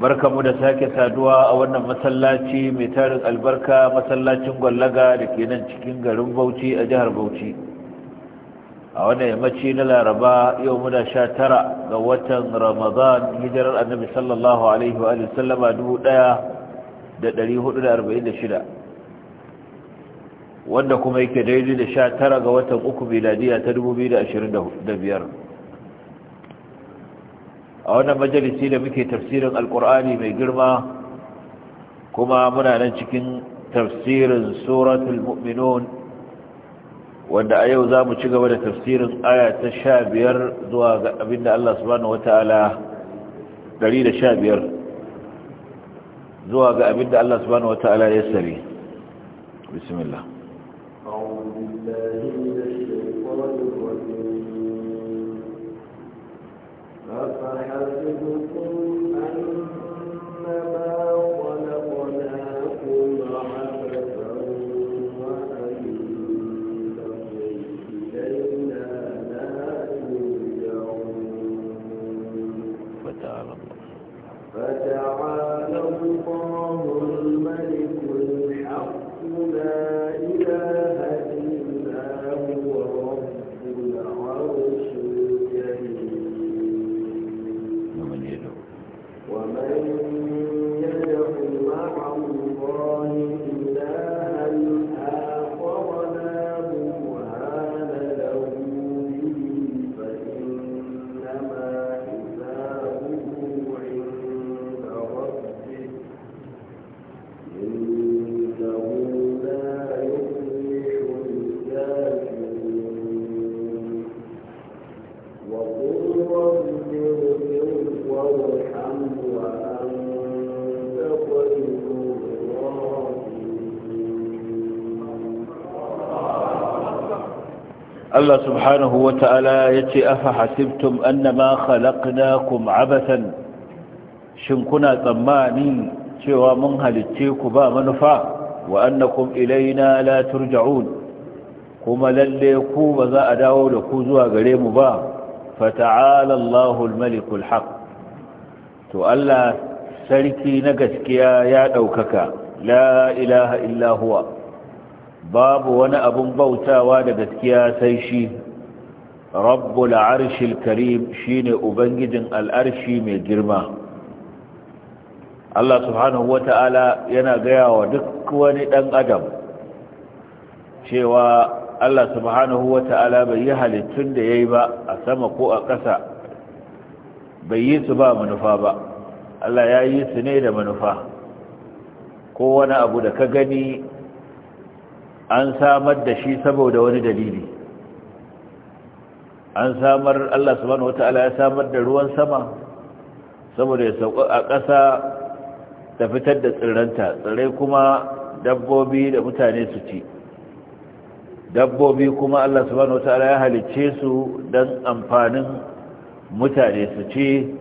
mu da sake saduwa a wannan masallaci mai tarin albarka masallacin gwallaga da ke nan cikin garin bauchi a jihar bauchi a wannan yammaci na laraba yau muna sha tara ga watan ramadan hijirar annabi sallallahu alaihi wa sallama dubu ɗaya da ɗari hudu da arba'in da shida wanda kuma yake daidai da sha tara ga watan uku miladiya ta dubu biyu da ashirin da biyar a wannan majalisi da muke tafsirin alkur'ani mai girma kuma muna nan cikin tafsirin suratul mu'minun wanda a yau za mu ci gaba da tafsirin ayata sha biyar zuwa ga abin da Allah subhanahu wata'ala ɗari da sha biyar zuwa ga abin da Allah subhanahu wata'ala ya sare bismillah أعوذ Deus, Allah subhanahu wa ta'ala ya ce, Afa hasibtum annama kum abasan shin kuna tsammani cewa mun halicce ku ba manufa wa annakum ilaina la turja'un kuma lalle ku ba za a dawo da ku zuwa gare mu ba fata'ala Allahul malikul haq to Allah sarki na gaskiya ya ɗaukaka la ilaha illa huwa babu wani abun bautawa da gaskiya sai shi rabbul arshil karim shine ubangijin al'arshi mai girma Allah subhanahu wata'ala yana gaya wa duk wani dan adam cewa Allah subhanahu wata'ala bai yi halittun da yayi ba a sama ko a ƙasa bai yi su ba manufa ba Allah ya yi su ne da manufa ko wani abu da ka gani an samar da shi saboda wani dalili an samar Allah subhanahu wata'ala ya samar da ruwan sama saboda ya sauka a ƙasa ta fitar da tsirranta tsirrai kuma dabbobi da mutane su ci dabbobi kuma Allah subhanahu wata'ala ya halicce su don amfanin mutane su ci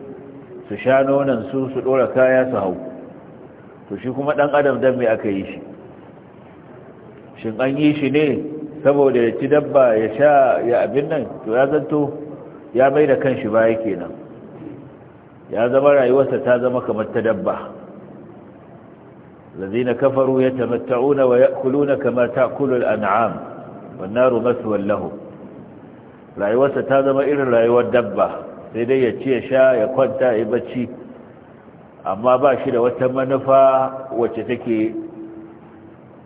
su sha nonan su ɗora kaya su hau to shi kuma ɗan adam don me aka yi shi shin an yi shi ne saboda ya ci dabba ya sha ya abin nan to ya zanto ya mai da kanshi baya kenan ya zama rayuwarsa ta zama kamar ta dabba الذين كفروا يتمتعون ويأكلون كما تأكل الأنعام والنار مثوى لهم rayuwarsa ta zama irin rayuwar dabba sai dai ya ci ya sha ya kwanta ya bacci amma ba shi da wata manufa wacce take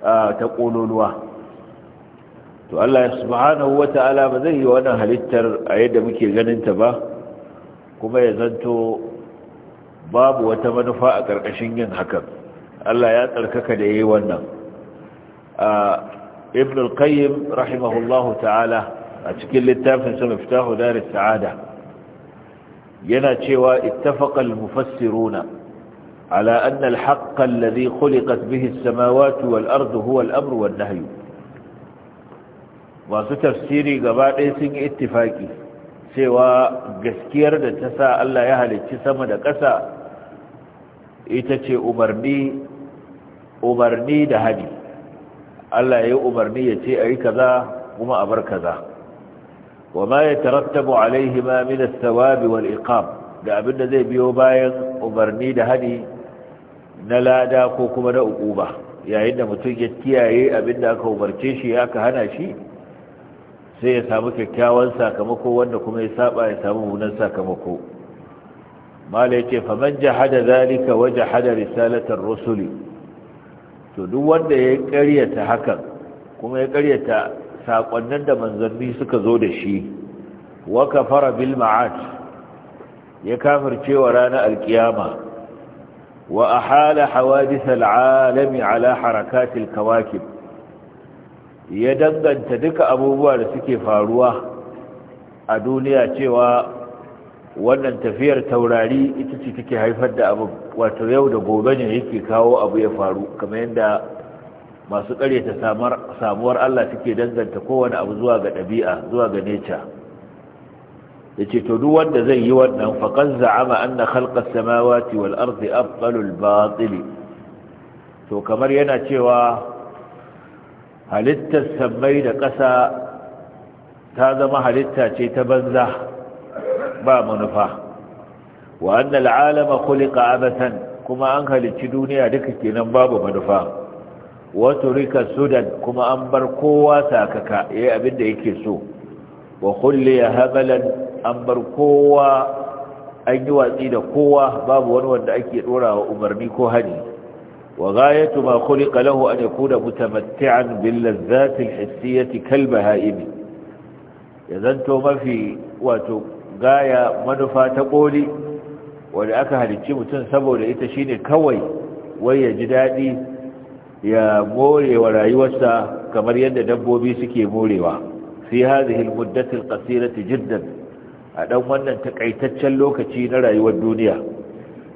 ta ƙololuwa to Allah subhanahu ta'ala ba zai yi wannan halittar a yadda muke ganinta ba kuma ya zanto babu wata manufa a ƙarƙashin yin hakan Allah ya tsarkaka da yayi wannan ibn al-qayyim rahimahullahu ta'ala a cikin littafin sa fitahu darus sa'ada yana cewa ittafaqa mufassiruna على أن الحق الذي خلقت به السماوات والأرض هو الأمر والنهي masu tafsiri gaba ɗaya sun yi ittifaki cewa gaskiyar da ta sa Allah ya halicci sama da ƙasa ita ce umarni da hadi Allah ya yi umarni ya ce a yi kaza kuma a bar kaza wa ma ya tarattabu alaihi ma min as wal iqam da abinda zai biyo bayan umarni da hadi na lada ko kuma na uquba yayin da mutum ya kiyaye abin da aka umarce shi ya ka hana shi sai ya samu kyakkyawan sakamako wanda kuma ya saba ya samu munan sakamako mala yace faman jahada zalika jahada risalatar rusuli to duk wanda ya ƙaryata hakan kuma ya karyata sakonnin da manzanni suka zo da shi wa kafara bil ma'at ya wa ranar alkiyama wa bisa وأحال حوادث العالم ya danganta duka يدنغن da suke faruwa a duniya cewa wannan tafiyar taurari ita ce take haifar da abu wato yau da gobe ne yake kawo abu ya faru kamar yadda masu ƙaryata samuwar Allah suke danganta kowane abu zuwa ga ɗabi'a zuwa ga nature yace to duk wanda zai yi wannan faqad za'ama anna khalqas samawati wal ardi afdalul batil to kamar yana cewa halittar sammai da ƙasa ta zama halitta ce ta banza ba manufa wa anna al'alama khuliqa abatan kuma an halicci duniya duka kenan babu manufa wato rika sudan kuma an bar kowa sakaka yayi abin da yake so wa kulli habalan an bar kowa an yi watsi da kowa babu wani wanda ake dora wa umarni ko hani wa ghayatu ma khuliqa lahu an yakuna mutamatti'an bil ladhati al hissiyyati kal baha'im yazanto mafi wato gaya manufa ta koli wanda aka halicci mutum saboda ita shine kawai wai ya ji dadi ya morewa rayuwarsa kamar yadda dabbobi suke morewa fi hadhihi al muddati al qasirati jiddan a ɗan wannan takaitaccen lokaci na rayuwar duniya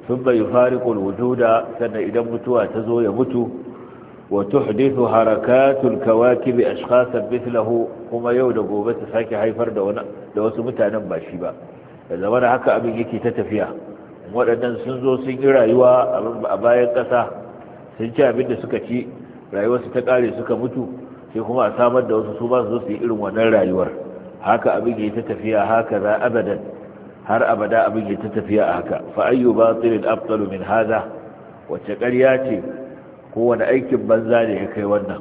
sun bai fariƙul wujuda sannan idan mutuwa ta zo ya mutu wa tuhdithu harakatul kawakibi ashkhasan mithlahu kuma yau da gobe ta sake haifar da da wasu mutanen ba shi ba da zaman haka abin yake ta tafiya waɗannan sun zo sun yi rayuwa a bayan ƙasa sun ci abin da suka ci rayuwarsu ta ƙare suka mutu sai kuma a samar da wasu su ba su zo su yi irin wannan rayuwar haka abin ya ta tafiya haka za abadan har abada abin ya ta tafiya a haka fa ba batilin afdalu min haza? wacce ƙarya ce kowane aikin banza ne ya kai wannan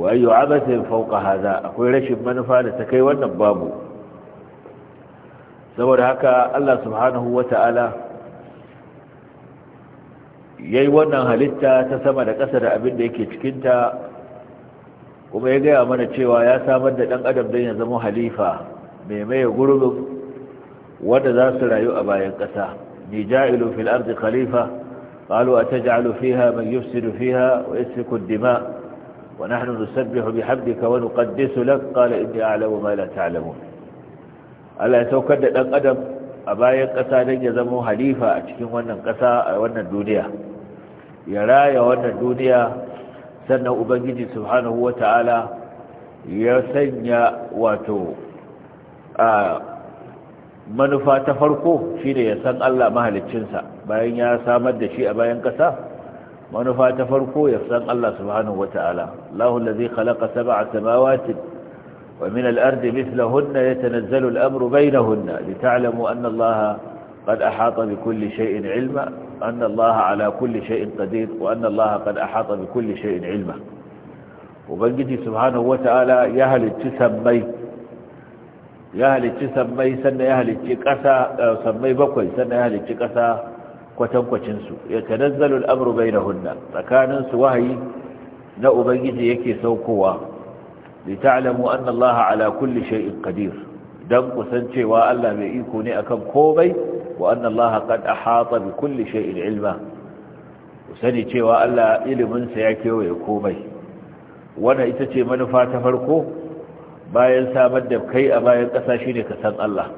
wa ayyu abathin fauka haza? akwai rashin manufa da ta kai wannan babu saboda haka Allah subhanahu ya yayi wannan halitta ta sama da ƙasa da abin da yake cikinta kuma ya gaya mana cewa ya samar da ɗan adam don ya zama halifa mai maye gurbin Wadda za su rayu a bayan ƙasa ni ja'ilu fil ardi khalifa qalu ataj'alu fiha man yufsidu fiha wa yasfiku ad-dima wa nahnu nusabbihu bihamdika wa nuqaddisu lak qala inni a'lamu ma la ta'lamun Allah ya saukar da ɗan adam a bayan ƙasa don ya zama halifa a cikin wannan ƙasa a wannan duniya ya raya wannan duniya sannan ubangiji subhanahu ta'ala ya sanya wato manufa ta farko shine ya san Allah mahaliccinsa bayan ya samar da shi a bayan kasa manufa ta farko ya san Allah subhanahu wata'ala Allahu allazi khalaqa sab'a samawati ومن الأرض bai na hunna بينهن لتعلموا أن الله قد أحاط بكل شيء علما أن الله على كل شيء قدير وأن الله قد أحاط بكل شيء علما وبنجي سبحانه وتعالى يهل التسمي يهل التسمي سنة يهل التقسى سمي بقوي سنة يهل التقسى kwatankwacin su ya tanazzalu al'amru bainahunna tsakanin su wahayi na ubangiji yake saukowa li ta'lamu anna Allah ala kulli shay'in qadir dan kusancewa Allah mai iko ne akan komai وأن الله قد أحاط بكل شيء علما وسني cewa Allah ilimin sa ya kewaye komai wannan ita ce manufa ta farko bayan samar da kai a bayan ƙasa shine ka san Allah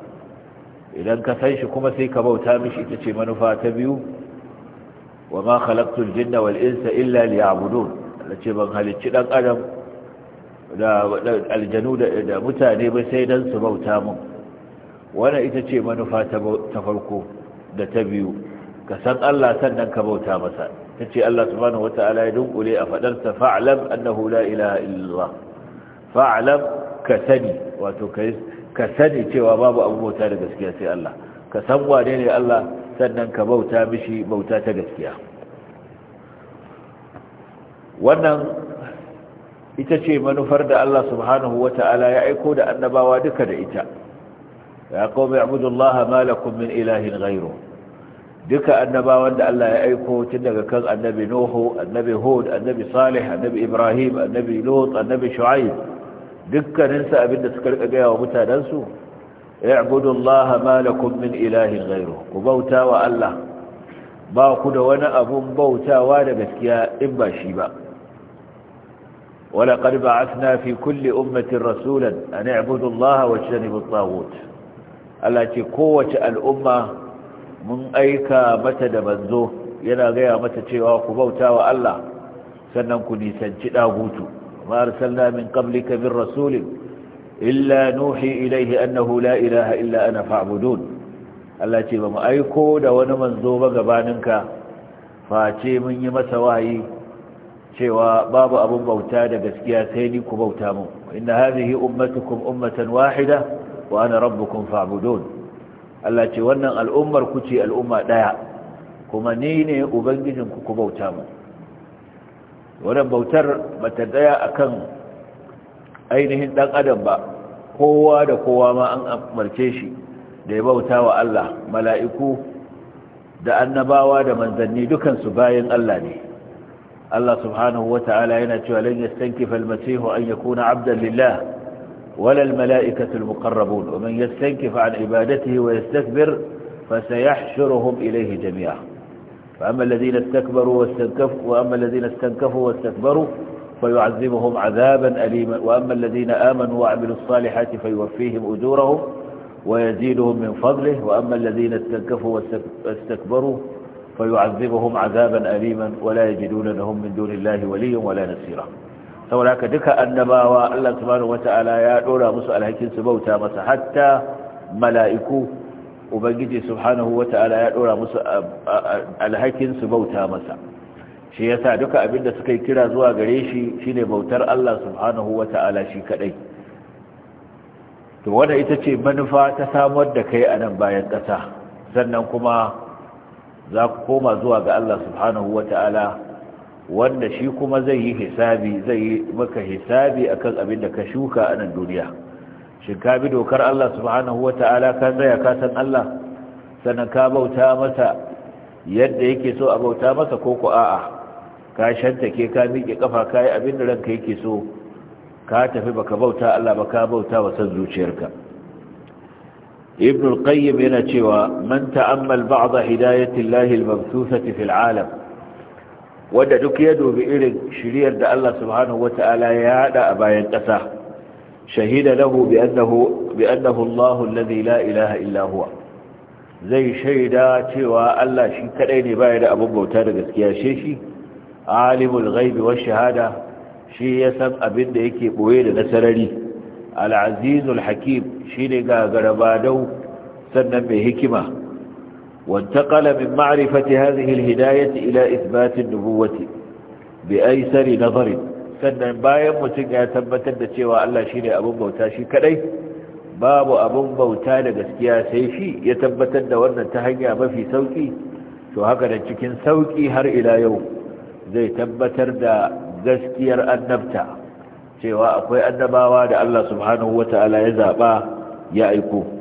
idan ka san shi kuma sai ka bauta mishi ita ce manufa ta biyu wa ma khalaqtul jinna wal insa illa liya'budun ce ban halicci dan adam da da mutane ba sai dan su bauta mun wannan ita ce manufa ta farko da ta biyu ka san Allah sannan ka bauta masa ta ce Allah subhanahu wa ta'ala ya dunkule a faɗarsa fa'alam annahu la ilaha illallah fa'alam ka sani wato ka sani cewa babu abu bauta da gaskiya sai Allah ka san wane ne Allah sannan ka bauta mishi bauta ta gaskiya wannan ita ce manufar da Allah subhanahu wa ta'ala ya aiko da annabawa duka da ita ya qaumi ibudullaha ma min ilahin ghayru duka annabawan da Allah ya aiko tun daga kan annabi Nuhu annabi Hud annabi Salih annabi Ibrahim annabi Lut annabi Shu'aib dukkanin abinda suka rika gaya wa mutanen su ya'budu min ilahin ghayru ku bautawa Allah ba ku da wani abun bautawa da gaskiya in ba shi ba ولقد بعثنا في ummatin أمة رسولا أن اعبدوا الله واجتنبوا الطاغوت Allah ce kowace al'umma mun aika mata da manzo yana gaya mata cewa ku bauta wa Allah sannan ku nisanci ɗagutu ma arsalna min qablika min rasulin illa nuhi ilayhi annahu la ilaha illa ana fa'budun Allah ce ba mu aiko da wani manzo ba gabaninka face mun yi masa wayi cewa babu abun bauta da gaskiya sai ni ku bauta mu inna hadhihi ummatukum ummatan wahida wa ana rabbukum fa'budun Allah ce wannan al'ummar ku ce al'umma daya kuma ni ne ubangijin ku ku bauta mu wannan bautar bata daya akan ainihin dan adam ba kowa da kowa ma an amarce shi da ya bauta wa Allah mala'iku da annabawa da manzanni dukansu bayan Allah ne Allah subhanahu wa ta'ala yana cewa lan yastankifa al-masih an yakuna 'abdan lillah ولا الملائكة المقربون ومن يستنكف عن عبادته ويستكبر فسيحشرهم إليه جميعا فأما الذين استكبروا واستنكفوا وأما الذين استنكفوا واستكبروا فيعذبهم عذابا أليما وأما الذين آمنوا وعملوا الصالحات فيوفيهم أجورهم ويزيدهم من فضله وأما الذين استنكفوا واستكبروا فيعذبهم عذابا أليما ولا يجدون لهم من دون الله وليا ولا نصيرا saboda haka duka annabawa Allah subhanahu wata'ala ya dora musu alhakin su bauta masa hatta mala'iku ubangiji subhanahu wata'ala ya dora musu alhakin su bauta masa shi yasa duka abinda suka yi kira zuwa gare shi shine bautar Allah subhanahu wata'ala shi kadai to wanda ita ce manufa ta samar da kai a nan bayan ƙasa sannan kuma za ku koma zuwa ga Allah subhanahu wata'ala wanda shi kuma zai yi hisabi zai yi maka hisabi akan abin da ka shuka a nan duniya shin ka bi dokar Allah subhanahu wata'ala ka tsaya ka san Allah sannan ka bauta masa yadda yake so a bauta masa ko ku a'a ka ke ka miƙe kafa ka yi abin da ranka yake so ka tafi baka bauta Allah ba ka bauta wa san zuciyarka ibn al-qayyim yana cewa man ta'ammal ba'd hidayati Allah al-mabsuthati fil 'alam wanda duk ya dubi irin shiriyar da Allah subhanahu wata'ala ya hada a bayan ƙasa shahida lahu bi annahu Allahu la ilaha illa huwa zai shaida cewa Allah shi kadai ne baya da abun bauta da gaskiya she shi alimul ghaibi wash shahada shi ya san abin da yake boye da nasarari al-azizul hakim shine ga sannan mai hikima kalamin وانتقل من معرفة هذه الهداية إلى إثبات النبوة na نظر sannan bayan mutum ya tabbatar da cewa Allah shi ne abin bauta shi kaɗai, babu abin bauta da gaskiya sai shi ya tabbatar da wannan ta hanya mafi sauki to haka da cikin sauki har ila yau zai tabbatar da gaskiyar annabta cewa akwai annabawa da Allah subhanahu ta'ala ya zaɓa ya aiko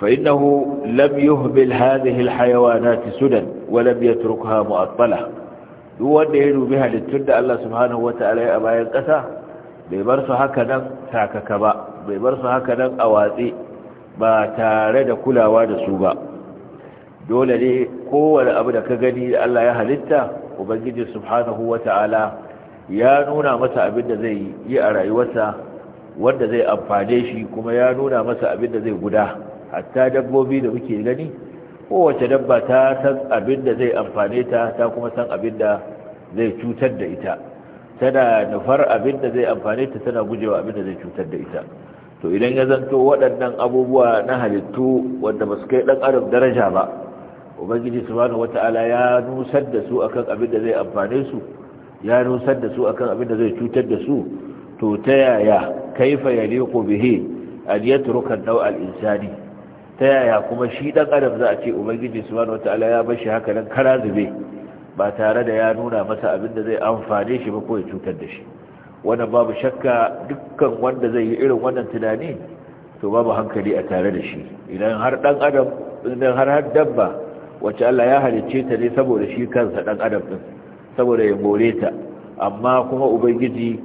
فإنه لم يهمل هذه الحيوانات سدى ولم يتركها مؤطلة يوان يهدو بها للتند الله سبحانه وتعالى أما ينقسى بيبرس هكذا تاككبا بيبرس هكذا أواذي ما تارد كل واد سوبا دولة لي قوة أبدا كغني الله يهلتا وبنجد سبحانه وتعالى ya nuna masa abin da zai yi a rayuwarsa wanda zai amfane shi kuma ya nuna masa abin da zai guda hatta dabbobi da muke gani kowace dabba ta san abin da zai amfane ta ta kuma san abin da zai cutar da ita tana nufar abin da zai amfane ta tana gujewa abin da zai cutar da ita to idan ya zanto waɗannan abubuwa na halittu wanda ba su kai ɗan adam daraja ba ubangiji subhanahu wata'ala ya nusar da su akan abin da zai amfane su ya nusar da su akan abin da zai cutar da su to ta yaya kaifa yaliqu bihi an yatruka dawal insani ta yaya kuma shi dan adam za a ce ubangiji subhanahu wataala ya bar shi haka nan kara zube ba tare da ya nuna masa abin da zai amfane shi ba ko ya cutar da shi wanda babu shakka dukkan wanda zai yi irin wannan tunani to babu hankali a tare da shi idan har dan adam idan har har dabba wacce Allah ya halicce ta ne saboda shi kansa dan adam din saboda ya more ta amma kuma ubangiji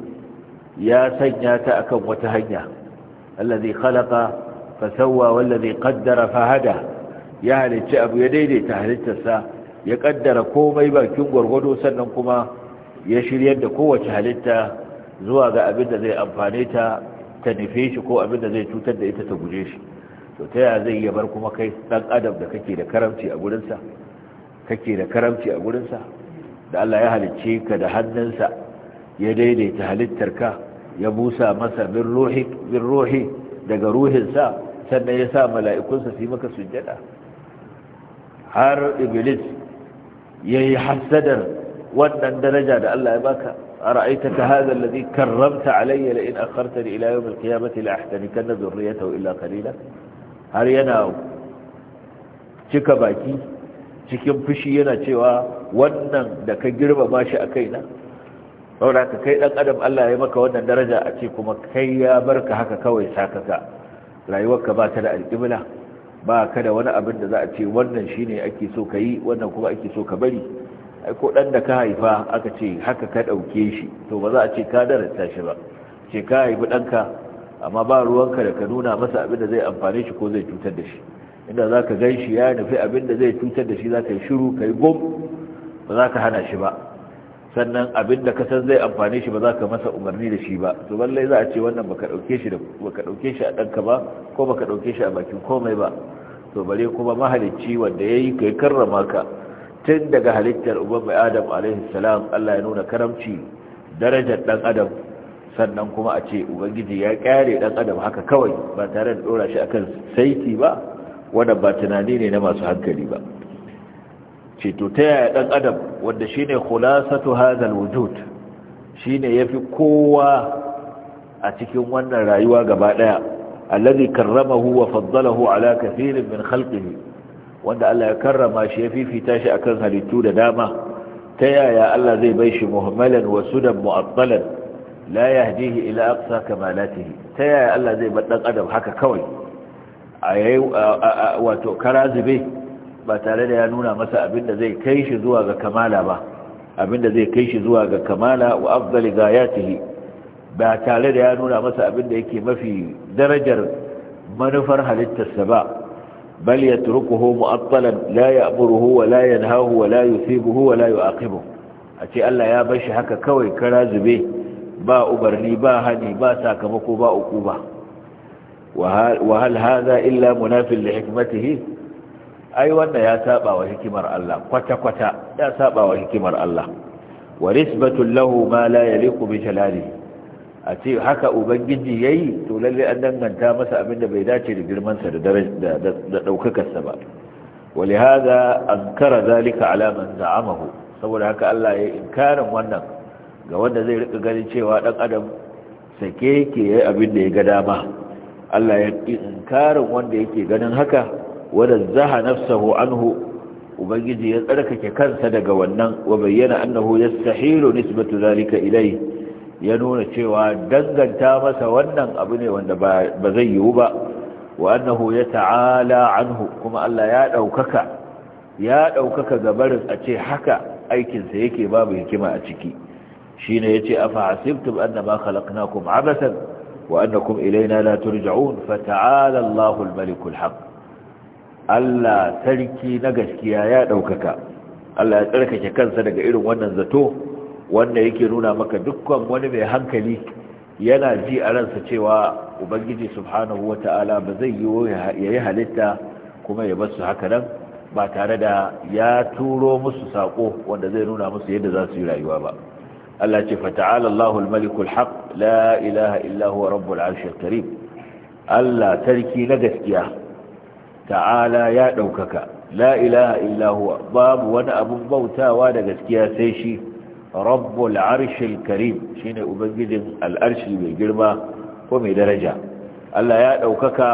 ya sanya ta akan wata hanya allah zai khalaqa فسوى fahada. Ya halicci abu ya daidaita halittarsa. Ya kaddara komai bakin باكين sannan kuma ya shirya da kowace halitta. zuwa ga abin da zai amfane ta ta nufe shi ko abin da zai cutar da ita ta guje shi to ta yaya zai iya bar kuma kai dan adam da kake da karamci a gurinsa kake da karamci a gurinsa da Allah ya halicce ka da hannunsa ya daidaita halittarka ya busa masa bin ruhi daga ruhinsa sannan ya sa mala'ikunsa su yi maka sujjada har iblis ya yi hasadar wannan daraja da Allah ya baka a ra'aita ta hazar da karramta alayya da a karta da ila yau mai kiyamata ila na zurriyata illa kalila har yana cika baki cikin fushi yana cewa wannan da ka girma ba shi a kaina saboda ka kai ɗan adam Allah ya maka wannan daraja a ce kuma kai ya barka haka kawai sakaka rayuwarka ba ta da alƙibla ba ka da wani abin da za a ce wannan shine ake so ka yi wannan kuma ake so ka bari aiko ko dan da ka haifa aka ce haka ka ɗauke shi to ba za a ce ka daranta shi ba ce ka haifi ɗanka amma ba ruwanka da ka nuna masa abin da zai amfani shi ko zai cutar da shi inda za ka gan shi ya nufi abin da zai cutar da shi za ka yi shiru ka yi gom ba za ka hana shi ba sannan abin da ka san zai amfane shi ba za ka masa umarni da shi ba to lallai za a ce wannan baka dauke shi baka dauke shi a danka ba ko baka dauke shi a bakin komai ba to bare kuma mahalicci wanda yayi kai karrama ka tun daga halittar uban mai adam alaihi salam Allah ya nuna karamci darajar dan adam sannan kuma a ce ubangiji ya kyare dan adam haka kawai ba tare da dora shi akan saiti ba wanda ba tunani ne na masu hankali ba ceto ta yaya ɗan adam wanda shine khulasatu hadhal wujud shine yafi kowa a cikin wannan rayuwa gaba daya alladhi karramahu wa faddalahu ala kathirin min khalqihi wanda Allah ya karrama shi ya fifita shi akan halittu da dama ta yaya Allah zai bai shi muhammalan wasu da mu'attalan la yahdihi ila aqsa kamalatihi ta yaya Allah zai bar ɗan adam haka kawai a wato zube? ba tare da ya nuna masa abin zai kai shi zuwa ga kamala ba abin zai kai shi zuwa ga kamala wa afdali gayatihi ba tare da ya nuna masa abin da yake mafi darajar manufar halittarsa ba bal yatrukuhu mu'attalan la ya'muruhu wa la yanhahu wa la yusibuhu wa la yu'aqibuhu a ce Allah ya bar shi haka kawai kara zube ba ubarni ba hani ba sakamako ba uku ba wa hal hadha illa munafil li hikmatihi ai wanda ya saba wa hikimar Allah kwata-kwata ya saba wa hikimar Allah wa risbatul lahu ma la yaliqu bi jalali a ce haka ubangiji yayi to lalle an danganta masa abin da bai dace da girman sa da da daukakar sa ba walihaza ankara zalika ala man za'amahu saboda haka Allah ya inkarin wannan ga wanda zai rika ganin cewa dan adam sake yake yayi abin da ya ga dama Allah ya inkarin wanda yake ganin haka zaha nafsahu anhu ubangiji ya tsarkake kansa daga wannan wa bayyana ya yastahilu nisbatu zalika ilai ya nuna cewa danganta masa wannan abu ne wanda ba zai yiwu ba wa ya yata'ala anhu kuma Allah ya ɗaukaka ya daukaka a ce haka aikinsa sa yake babu hikima a ciki shine yace afa hasibtum annama khalaqnakum abasan wa annakum ilayna la turja'un fata'ala Allahul malikul haqq Allah sarki na gaskiya ya ɗaukaka Allah ya tsarkake kansa daga irin wannan zato wanda yake nuna maka dukkan wani mai hankali yana ji a ransa cewa ubangiji subhanahu ta'ala ba zai yi ya yi halitta kuma ya basu haka nan ba tare da ya turo musu sako wanda zai nuna musu yadda za su yi rayuwa ba Allah ce fata'ala Allahu al haq la ilaha illahu wa rabbul arshil karim Allah sarki na gaskiya ta'ala ya ɗaukaka la ilaha illahu, babu wani abin bautawa da gaskiya sai shi rabbul arshil karim shine ubangijin al'arshi mai girma ko mai daraja Allah ya ɗaukaka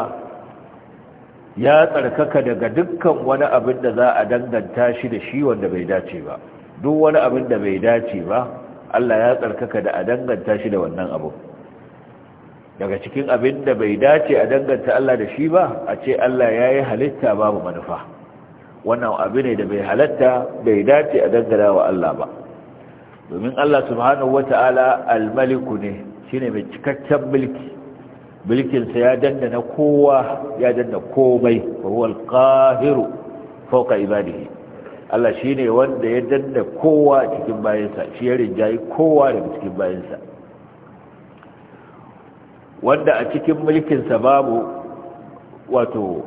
ya tsarkaka daga dukkan wani abin da za a danganta shi da shi wanda bai dace ba duk wani abin da bai dace ba Allah ya tsarkaka da a danganta shi da wannan abin. daga cikin abin da bai dace a danganta Allah da shi ba a ce Allah ya yi halitta babu manufa wannan abu ne da bai halatta bai dace a dangana wa Allah ba domin Allah subhanahu wa ta'ala almaliku ne shi ne mai cikakken mulki mulkinsa ya dandana kowa ya dandana komai ruwal ƙahiru fauka ibadihi Allah shi ne wanda ya danna kowa cikin bayansa shi ya rinjayi kowa daga cikin bayansa wanda a cikin mulkinsa babu wato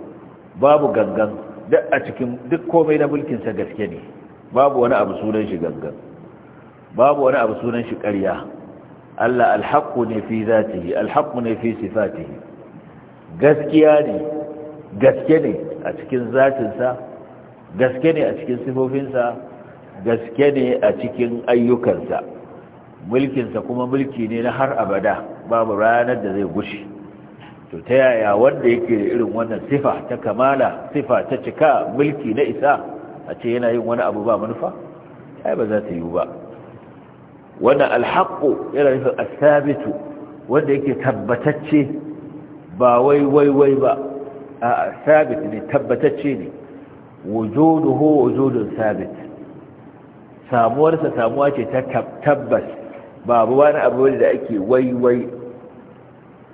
babu gangan duk a cikin duk komai na mulkinsa gaske ne babu wani abu sunan shi gangan babu wani abu sunan shi ƙarya Allah alhaqqu ne fi zatihi alhaqqu ne fi sifatihi gaskiya ne gaske ne a cikin zatinsa gaske ne a cikin sifofinsa gaske ne a cikin ayyukansa mulkinsa kuma mulki ne na har abada babu ranar da zai gushi to ta yaya wanda yake da irin wannan sifa ta kamala sifa ta cika mulki na isa a ce yana yin wani abu ba manufa ai ba za ta yiwu ba wannan alhaqqu yana nufin asabitu wanda yake tabbatacce ba wai wai wai ba a sabit ne tabbatacce ne wujuduhu wujudun sabit samuwarsa samuwa ce ta tabbas ba abu wani da ake waiwai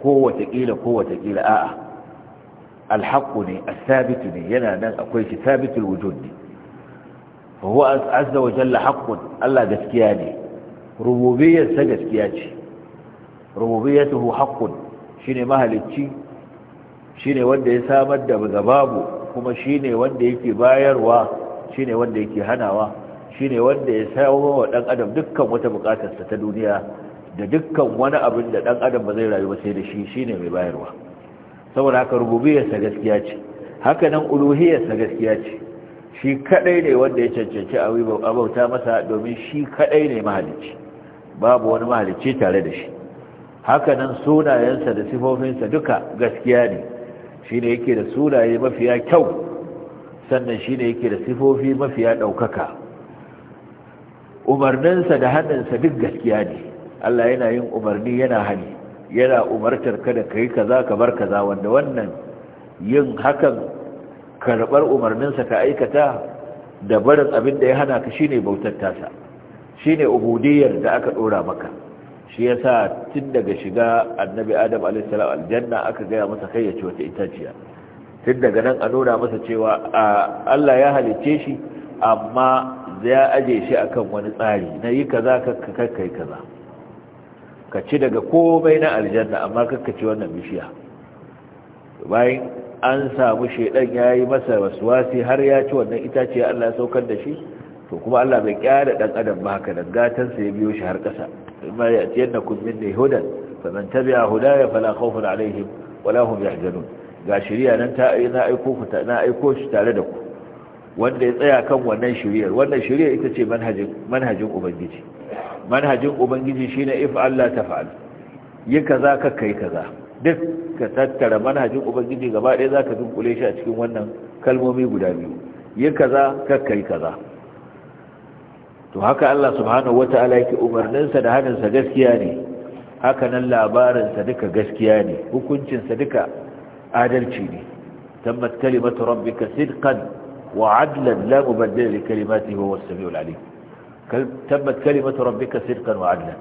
ko watakila ko watakila a'a alhaƙu ne asabitu ne yana nan akwai shi sabitul wujud ne huwa azza wa jalla haqqun Allah gaskiya ne rububiyyar sa gaskiya ce rububiyyatuhu haqqun shine mahalicci shine wanda ya samar da babu kuma shine wanda yake bayarwa shine wanda yake hanawa Shi ne wanda ya sayo wa dan adam dukkan wata bukatarsa ta duniya da dukkan wani abin da dan adam ba zai rayu ba sai da shi shi ne mai bayarwa saboda haka rububiyarsa gaskiya ce haka nan uluhiyarsa gaskiya ce shi kadai ne wanda ya cancanci abauta masa domin shi kaɗai ne mahalicci babu wani mahalicci tare da shi haka nan sunayensa da sifofinsa duka gaskiya ne shi ne yake da sunaye mafiya kyau sannan shi ne yake da sifofi mafiya ɗaukaka umarninsa da hannunsa duk gaskiya ne Allah yana yin umarni yana hani yana umartar ka da kai kaza ka bar kaza wanda wannan yin hakan karbar umarninsa ka aikata da barin abin da ya hana ka shine bautar tasa shine ubudiyyar da aka ɗora maka shi yasa tun daga shiga annabi adam alaihi salam aljanna aka gaya masa kai ya ci wata itaciya tun daga nan a nuna masa cewa Allah ya halicce shi amma ya aje shi akan wani tsari na yi kaza ka kai kaza ka ci daga komai na aljanna amma ka ci wannan bishiya bayan an samu shedan ya yi masa waswasi har ya ci wannan itace Allah ya saukar da shi to kuma Allah bai kyara dan adam ba haka dan gatansa ya biyo shi har kasa ma ya ci yadda kun min ne hudan man tabi'a hudaya fala khawfun alaihim wala hum yahzanun ga shiriya nan ta na aiko ku ta na aiko shi tare da ku wanda ya tsaya kan wannan shiriyar wannan shiriyar ita ce manhajin ubangiji manhajin ubangiji na if Allah ta fa'al yi kaza ka kai kaza duk ka tattara manhajin ubangiji gaba ɗaya zaka dunkule shi a cikin wannan kalmomi guda biyu yi kaza ka kai kaza to haka Allah subhanahu wataala yake umarninsa da haninsa gaskiya ne haka nan labarinsa duka gaskiya ne hukuncinsa duka adalci ne tammat kalimatu rabbika sidqan وعدلا لا مبدل لكلماته وهو السميع العليم تمت كلمة ربك صدقا وعدلا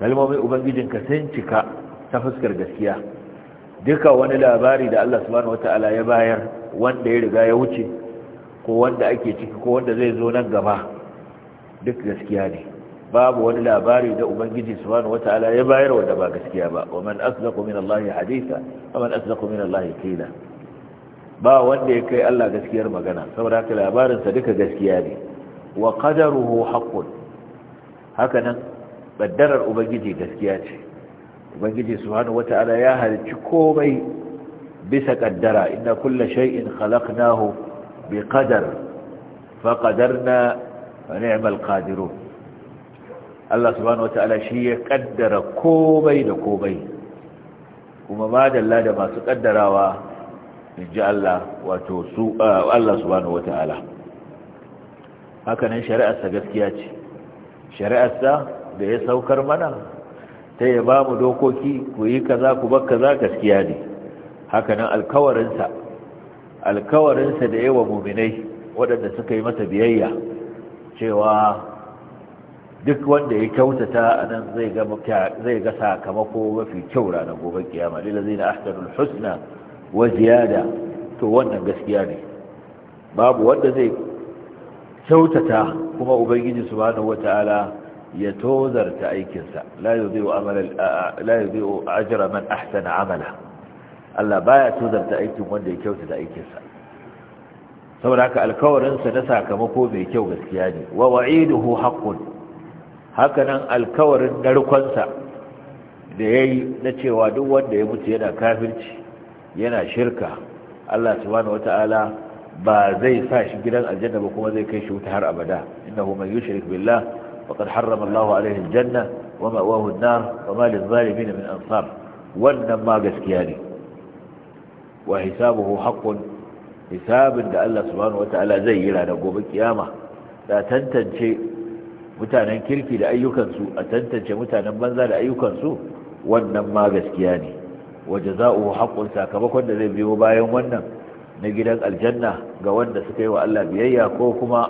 كلمة أبنجد كسنتك تفسكر جسكيا duka wani labari da Allah subhanahu wata'ala ya bayar wanda ya riga ya wuce ko wanda ake ciki ko wanda zai zo nan gaba duk gaskiya ne babu wani labari da ubangiji subhanahu wata'ala ya bayar wanda ba gaskiya ba wa man asdaqu ba wanda ya kai Allah gaskiyar magana saboda haka labarinsa duka gaskiya ne wa qadaruhu haqqun haka nan baddarar ubangiji gaskiya ce ubangiji subhanahu wata'ala ya halicci komai bisa kaddara inna kulla shay'in khalaqnahu bi qadar fa qadarna fa ni'mal qadirun Allah subhanahu wata'ala shi ya kaddara komai da komai kuma madalla da masu kaddarawa inji Allah wato su ah, Allah subhanahu wataala haka nan shari'ar sa gaskiya ce shari'ar sa da ya saukar mana ta ya bamu dokoki ku yi kaza ku bar kaza gaskiya ne haka nan alkawarin sa alkawarin sa da yawa mu'minai waɗanda suka yi masa biyayya cewa duk wanda ya kyautata zai nan zai ga sakamako mafi kyau ranar gobe kiyama lila ahsanul husna wa ziyada to wannan gaskiya ne babu wanda zai kyautata kuma ubangiji subhanahu wataala ya tozarta aikinsa la yudhi'u la ajra man ahsana amala Allah baya tozarta aikin wanda ya kyautata aikinsa saboda haka alkawarinsa na sakamako mai kyau gaskiya ne wa wa'iduhu haqqun nan, alkawarin narkonsa da yayi na cewa duk wanda ya mutu yana kafirci yana shirka Allah subhanahu wata'ala ba zai sa shi gidan aljanna ba kuma zai kai shi wuta har abada innahu man yushrik billah faqad harrama Allahu alayhi aljanna wa ma'wahu an-nar wa ma lil min ansar wannan ma gaskiya ne wa hisabuhu haqqun hisabin da Allah subhanahu wata'ala zai yi ranar gobe kiyama da tantance mutanen kirki da ayyukansu a tantance mutanen banza da ayyukansu wannan ma gaskiya ne waje za jaza'uhu haqqun sakamakon da zai biyo bayan wannan na gidan aljanna ga wanda suka yi wa Allah biyayya ko kuma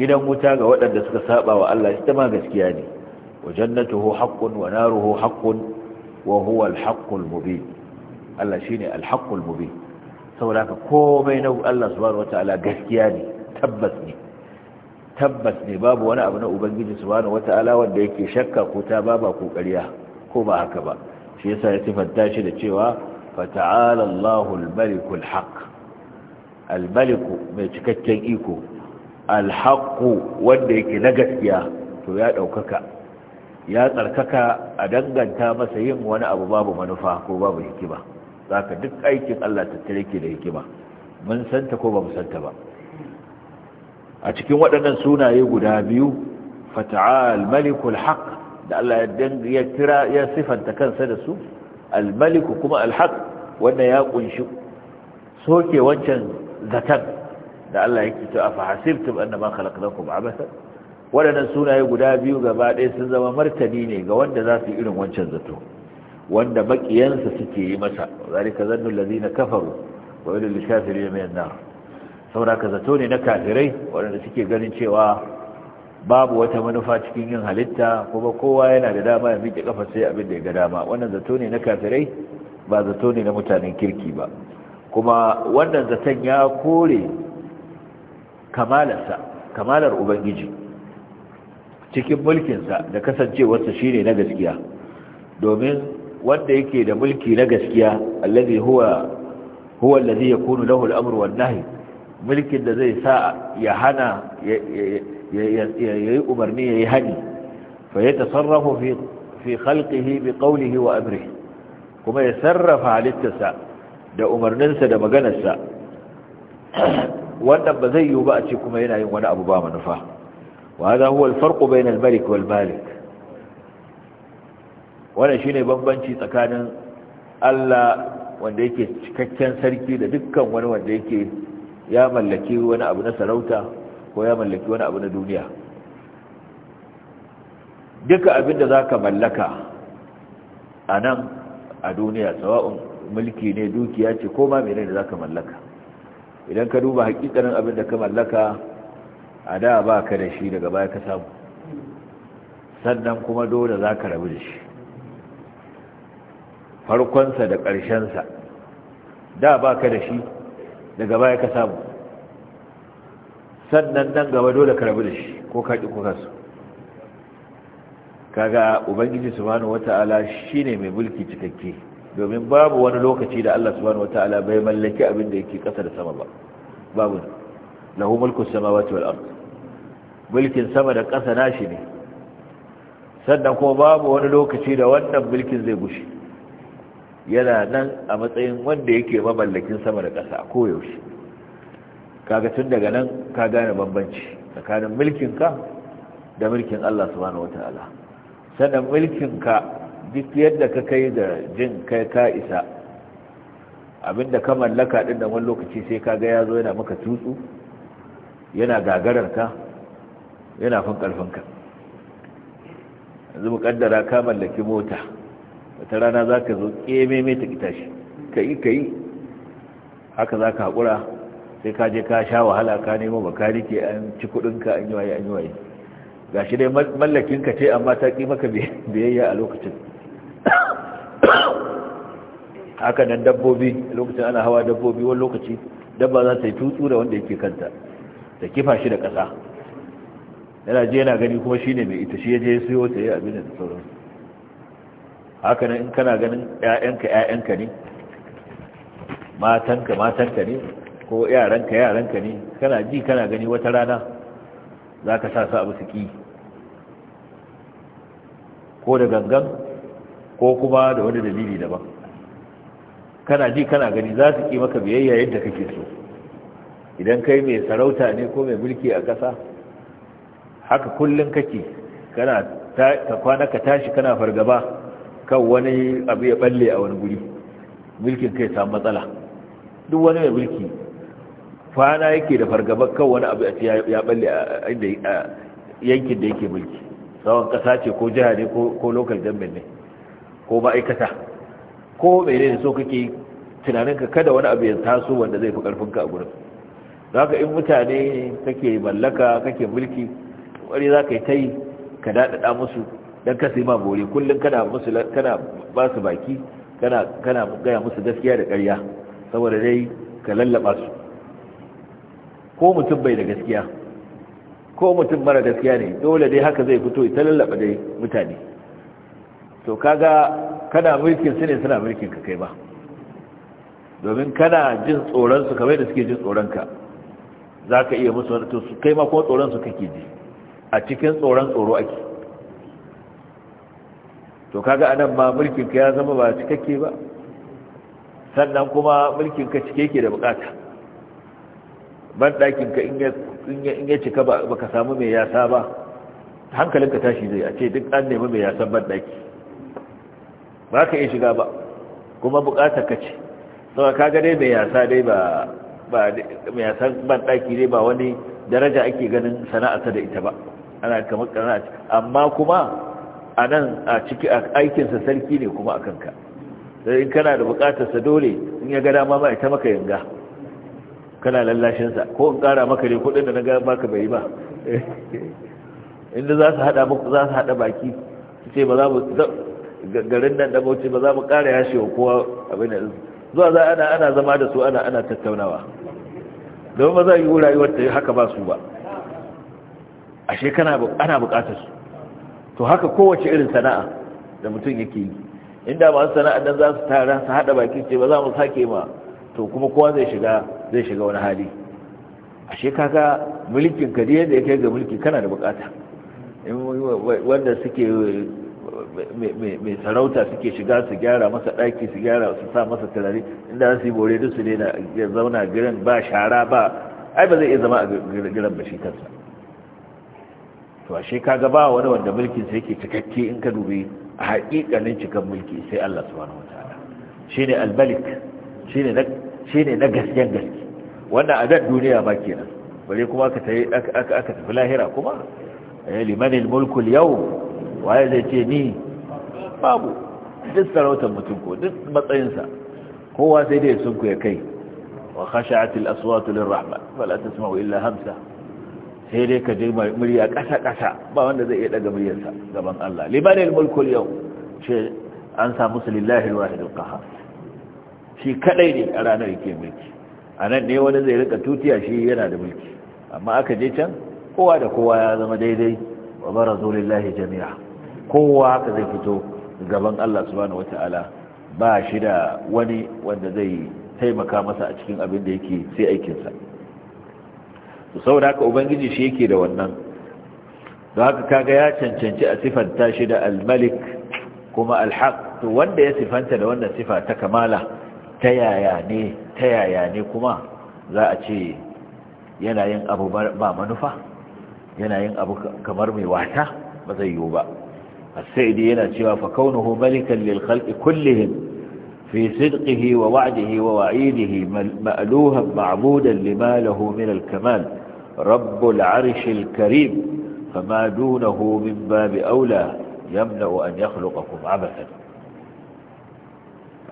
gidan wuta ga waɗanda suka saba wa Allah ita ma gaskiya ne wa jannatuhu haqqun wa naruhu haqqun wa huwa al-haqqul mubin Allah shine al-haqqul mubin saboda ka komai na Allah subhanahu wataala gaskiya ne tabbas ne tabbas ne babu wani abu na ubangiji subhanahu wataala wanda yake shakka ko ta baba ko ƙarya ko ba haka ba shi yasa ya sifanta shi da cewa fata'ala Allahu maliku al-haq al mai cikakken iko al-haq wanda yake na gaskiya to ya daukaka ya tsarkaka a danganta masa yin wani abu babu manufa ko babu hikima zaka duk aikin Allah tattare ke da hikima mun santa ko ba mu santa ba a cikin waɗannan sunaye guda biyu fata'al malikul haq da Allah ya kira ya sifanta kansa da su almaliku kuma alhaq wanda ya kunshi soke wancan zakat da Allah yake to afa hasibtum annama khalaqnakum abasa wadannan sunaye guda biyu gaba ɗaya sun zama martani ne ga wanda za su yi irin wancan zato wanda makiyansa suke yi masa zalika zannu allazina kafaru wa yadul kafirin min nar saboda ka zato ne na kafirai wanda suke ganin cewa babu wata manufa cikin yin halitta kuma kowa yana da dama ya miƙe kafa sai abin da ya ga dama wannan zato ne na kafirai ba zato ne na mutanen kirki ba kuma wannan zaton ya kore kamalarsa kamalar ubangiji cikin mulkinsa da kasancewarsa ne na gaskiya domin wanda yake da mulki na gaskiya allazi huwa huwa allazi yakunu lahu al-amru wan nahy mulkin da zai sa ya hana yayi umarni yayi hani fa yatasarrafu fi fi khalqihi bi qawlihi kuma ya sarrafa halittarsa da umarninsa da maganarsa wannan ba zai yiwu ba a ce kuma yana yin wani abu ba manufa wa hada huwa al-farq bayna al-malik wal malik wannan shine bambanci tsakanin Allah wanda yake cikakken sarki da dukkan wani wanda ya mallaki wani abu na sarauta ko ya mallaki wani abu na duniya duka abin da za ka mallaka a nan a duniya sawa'un mulki ne dukiya ce ko ma mene da za ka mallaka idan ka duba hakikanin abin da ka mallaka a da ba ka da shi daga baya ka samu sannan kuma dole za ka rabu da shi farkonsa da ƙarshensa da ba ka da shi daga baya ka samu sannan nan gaba dole ka rabu da shi ko ka ƙi kuka su kaga ubangiji subhanahu wata'ala shine mai mulki cikakke domin babu wani lokaci da Allah subhanahu wata'ala bai mallaki abin da yake ƙasa da sama ba babu lahu mulku samawati wal ard mulkin sama da ƙasa nashi ne sannan kuma babu wani lokaci da wannan mulkin zai gushi. yana nan a matsayin wanda yake mamallakin sama da ƙasa koyaushe kaga tun daga nan ka gane bambanci tsakanin ka da mulkin Allah subhanahu wataala sannan ka duk yadda ka kai da jin kai ka isa abinda ka mallaka din da wani lokaci sai kaga yazo yana maka tutsu yana gagararka yana fin ka. yanzu mu kaddara ka mallaki mota wata rana zaka zo kememe ta kitashi kai kai haka zaka hakura sai ka je ka sha wahala ka nemo bakarike an ci kudinka an yi waye an yi waye ga shi dai mallakinka ce amma ta ƙi maka biyayya a lokacin haka nan dabbobi lokacin ana hawa dabbobi wani lokaci dabba za ta yi tutsu da wanda yake kanta ta kifa shi da ƙasa yana je yana gani kuma shi ne mai ita shi ya je ya siyo ta yi abin da sauran haka nan in kana ganin 'ya'yanka 'ya'yanka ne matanka matanka ne ko yaranka yaranka ne kana ji kana gani wata rana za ka sa su abu su ki ko da gangan ko kuma da wani dalili daban kana ji kana gani za su ki maka biyayya yadda kake so idan kai mai sarauta ne ko mai mulki a ƙasa haka kullum kake kana ta kwana ka tashi kana fargaba kan wani abu ya balle a wani guri mulkin kai samu matsala duk wani mai mulki kwana yake da fargabar kan wani abu ya balle a yankin da yake mulki tsawon kasa ce ko jiha ne ko local government ne ko ma'aikata ko mene ne so kake tunaninka kada wani abu ya taso wanda zai fi karfinka a gurin za ka in mutane kake mallaka kake mulki wani za ka yi ta yi ka daɗaɗa musu don ka ma bore kullum kana ba su baki kana gaya musu gaskiya da ƙarya saboda dai ka lallaba su ko mutum bai da gaskiya ko mutum mara gaskiya ne dole dai haka zai fito ita lallaba dai mutane to kaga kana mulkin su ne suna mulkin ka kai ba domin kana jin tsoron su kamar da suke jin tsoron ka za ka iya musu wani to su kai ma ko tsoron su kake ji a cikin tsoron tsoro ake to kaga anan ma mulkin ka ya zama ba cikakke ba sannan kuma mulkin ka cike ke da bukata ban ɗakin ka in ya cika ba ka samu mai yasa ba hankalinka tashi zai a ce duk an nemi mai yasan ban ɗaki ba ka iya shiga ba kuma buƙatar ka ce sau ka ga dai mai yasa dai ba yasan ban ɗaki dai ba wani daraja ake ganin sana'arsa da ita ba ana kamar ƙarar amma kuma a nan a ciki aikinsa sarki ne kuma a kanka sai in kana da bukatarsa dole in ya ga dama ba ita maka yanga kana lallashinsa ko in kara maka ne kudin da na gaba ka bai ba inda za su hada muku za su hada baki su ce ba za mu garin nan da bauchi ba za mu kara yashi wa kowa abin da zuwa za ana ana zama da su ana ana tattaunawa don ba za yi rayuwar ta haka ba su ba ashe kana ana bukatar su to haka kowace irin sana'a da mutum yake yi inda masu sana'a nan za su tara su hada baki ce ba za mu sake ma to kuma kowa zai shiga zai shiga wani hali A shekaka mulkin ka da ya kai ga mulki kana da bukata wanda suke mai sarauta suke shiga su gyara masa ɗaki su gyara su sa masa turare inda su yi bore duk su ne na zauna girin ba shara ba ai ba zai iya zama a girin ba shi kansa to a shi kaga ba wani wanda mulkin sai ke cikakke in ka dubi a haƙiƙanin cikan mulki sai Allah subhanahu wataala shine al-malik shine ne na gaskiyan gaske wannan a dan duniya ba nan, bari kuma aka tafi lahira kuma eh, limanil mulku al-yawm waye zai ce ni babu duk sarautar mutum ko duk matsayinsa kowa sai dai sun ku ya kai wa khashatil aswatu lirrahman wala tasma'u illa hamsa sai dai ka je murya ƙasa-ƙasa ba wanda zai iya daga muryarsa gaban Allah limanin mulkul yau ce an samu su lillahi wahidul qahar shi kadai ne a ranar yake mulki a nan ne wani zai rika tutiya shi yana da mulki amma aka je can kowa da kowa ya zama daidai wa barazu lillahi jami'a kowa haka zai fito gaban Allah subhanahu wataala ba shi da wani wanda zai taimaka masa a cikin abin da yake sai aikinsa to saboda haka ubangiji shi yake da wannan don haka kaga ya cancanci a sifanta shi da al-malik kuma al-haq to wanda ya sifanta da wannan sifa ta kamala ta yaya ne kuma za a ce yana abu ba manufa yanayin abu kamar mai wata ba zai yiwu ba a sai yana cewa fa kaunuhu malikan lil khalqi kullihim fi sidqihi wa wa'dihi wa wa'idihi ma'luhan ma'budan lima lahu min al kamal rabbul arshi al karim fa babi aula yamna an yakhluqakum abathan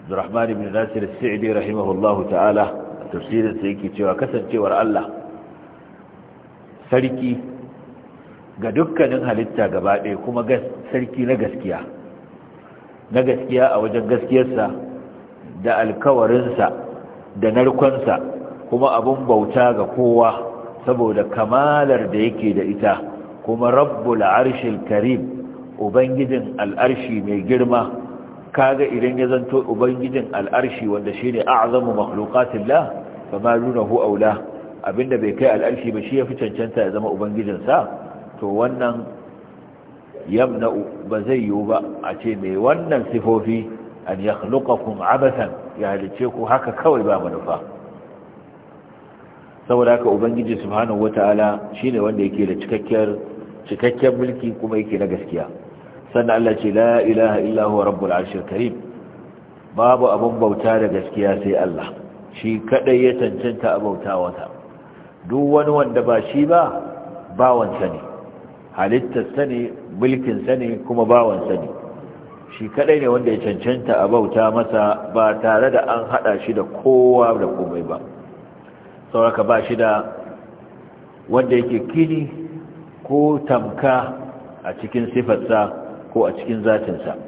Abdurrahman ibn Nasir Sa'idi rahimahullahu ta'ala tafsirin sa yake cewa kasancewar Allah sarki ga dukkanin halitta gaba ɗaya kuma sarki na gaskiya na gaskiya a wajen gaskiyarsa da alkawarinsa da narkonsa kuma abun bauta ga kowa saboda kamalar da yake da ita kuma rabbul arshil karim ubangijin al'arshi mai girma kaga idan ya zanto ubangijin al'arshi wanda shine a'zamu makhluqatillah fama lunahu aula abinda bai kai al'arshi ba shi ya fi cancanta ya zama ubangijin to wannan yamna ba zai yiwu ba a ce mai wannan sifofi an yakhluqakum abatan ya halice ku haka kawai ba manufa saboda haka ubangiji subhanahu wataala shine wanda yake da cikakken cikakken mulki kuma yake na gaskiya sannan Allah ce la ilaha illa rabbul arshil karim babu abin bauta da gaskiya sai Allah shi kadai ya cancanta a bauta wata duk wani wanda ba shi ba bawansa ne halittarsa sani, mulkinsa ne kuma bawansa ne shi kadai ne wanda ya cancanta a bauta masa ba tare da an hada shi da kowa da komai ba sauraka ba shi da wanda yake kini ko tamka a cikin sifarsa ko a cikin zatinsa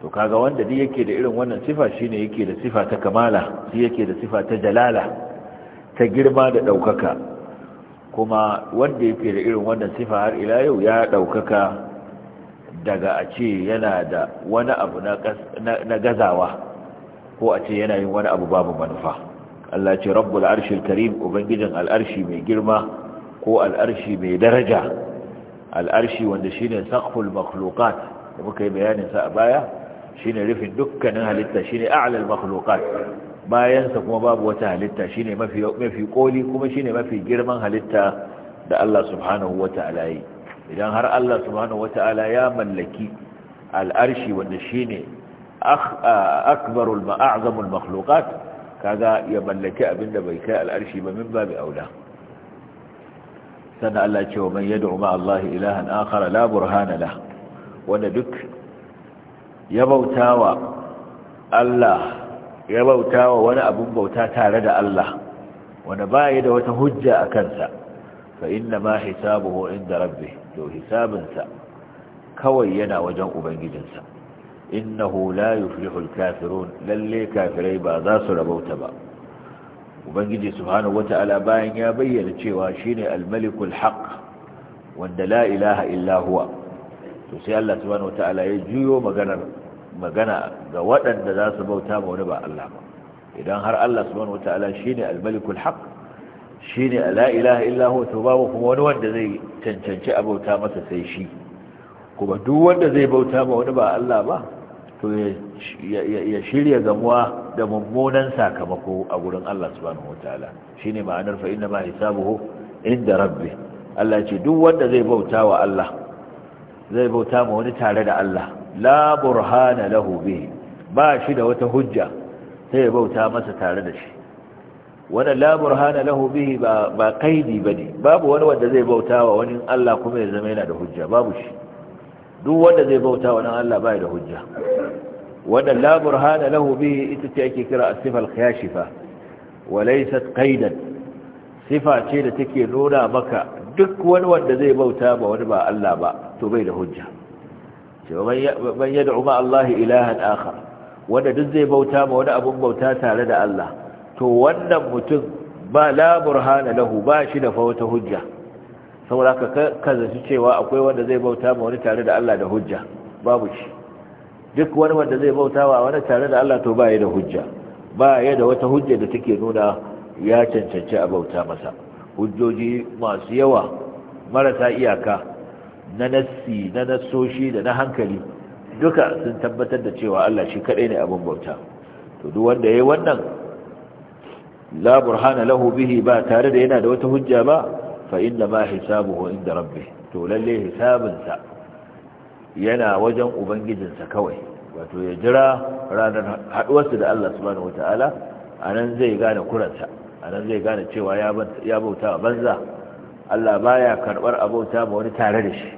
to kaga wanda duk yake da irin wannan sifa shine yake da sifa ta kamala shi yake da sifa ta jalala ta girma da daukaka kuma wanda yake da irin wannan sifa har ila yau ya daukaka daga a ce yana da wani abu na gazawa ko a ce yana yin wani abu babu manufa Allah ce rabbul arshil karim ubangijin al'arshi mai girma ko al'arshi mai daraja al'arshi wanda shine sakful makhluqat da muka yi bayanin sa a baya shine rufin dukkanin halitta shine a'lal makhluqat bayan sa kuma babu wata halitta shine mafi mafi koli kuma shine mafi girman halitta da Allah subhanahu wata'ala yi idan har Allah subhanahu wata'ala ya mallaki al'arshi wanda shine akbarul ma'azamul makhluqat kaga ya mallaki abinda bai kai al'arshi ba min babu auda sannan Allah ce wa man yad'u ma Allah ilahan akhar la burhana lah wanda duk ya bautawa Allah ya wani abun bauta tare da Allah wanda baya da wata hujja a kansa fa inna ma hisabuhu inda Rabbi? to hisabinsa kawai yana wajen ubangijinsa innahu la yuflihul kafirun lalle kafirai ba za su rabauta ba ubangiji subhanahu wata'ala bayan ya bayyana cewa shine al-malikul haq wanda la ilaha illa huwa to sai Allah subhanahu wata'ala ya juyo maganar magana ga waɗanda za su bauta ma wani ba Allah ba idan har Allah subhanahu wata'ala shine al-malikul haq shine la ilaha illa huwa to babu kuma wani wanda zai cancanci a bauta masa sai shi kuma duk wanda zai bauta ma wani ba Allah ba to ya shirya gamuwa da mummunan sakamako a gurin Allah subhanahu wataala shine ma'anar fa inna ma hisabuhu inda rabbi Allah ce duk wanda zai bauta wa Allah zai bauta ma wani tare da Allah la burhana lahu ba shi da wata hujja sai ya bauta masa tare da shi wannan la burhana lahu bihi ba ba kaidi bane babu wani wanda zai bauta wani Allah kuma ya zama yana da hujja babu shi duk wanda zai bauta wa Allah bai da hujja wanda la burhana lahu bihi ita ce ake kira as-sifal khashifa wa laysat qaidan sifa ce da take nuna maka duk wani wanda zai bauta ba wani ba Allah ba to bai da hujja ce man yad'u ma Allah ilahan akhar wanda duk zai bauta ma wani abun bauta tare da Allah to wannan mutum ba la burhana lahu ba shi da fa wata hujja saboda ka kazaci cewa akwai wanda zai bauta ma wani tare da Allah da hujja babu shi duk wani wanda zai bauta wa wani tare da Allah to ba ya da hujja ba da wata hujja da take nuna ya cancanci a bauta masa hujjoji masu yawa marasa iyaka na nassi na nassoshi da na hankali duka sun tabbatar da cewa Allah shi kadai ne abin bauta to duk wanda yayi wannan la burhana lahu bihi ba tare da yana da wata hujja ba fa inna ma hisabuhu inda rabbi. to lalle hisabinsa yana wajen ubangijinsa kawai wato ya jira ranar haduwarsa da Allah subhanahu wataala anan zai gane kuransa anan zai gane cewa ya bauta banza Allah baya karbar abauta ba wani tare da shi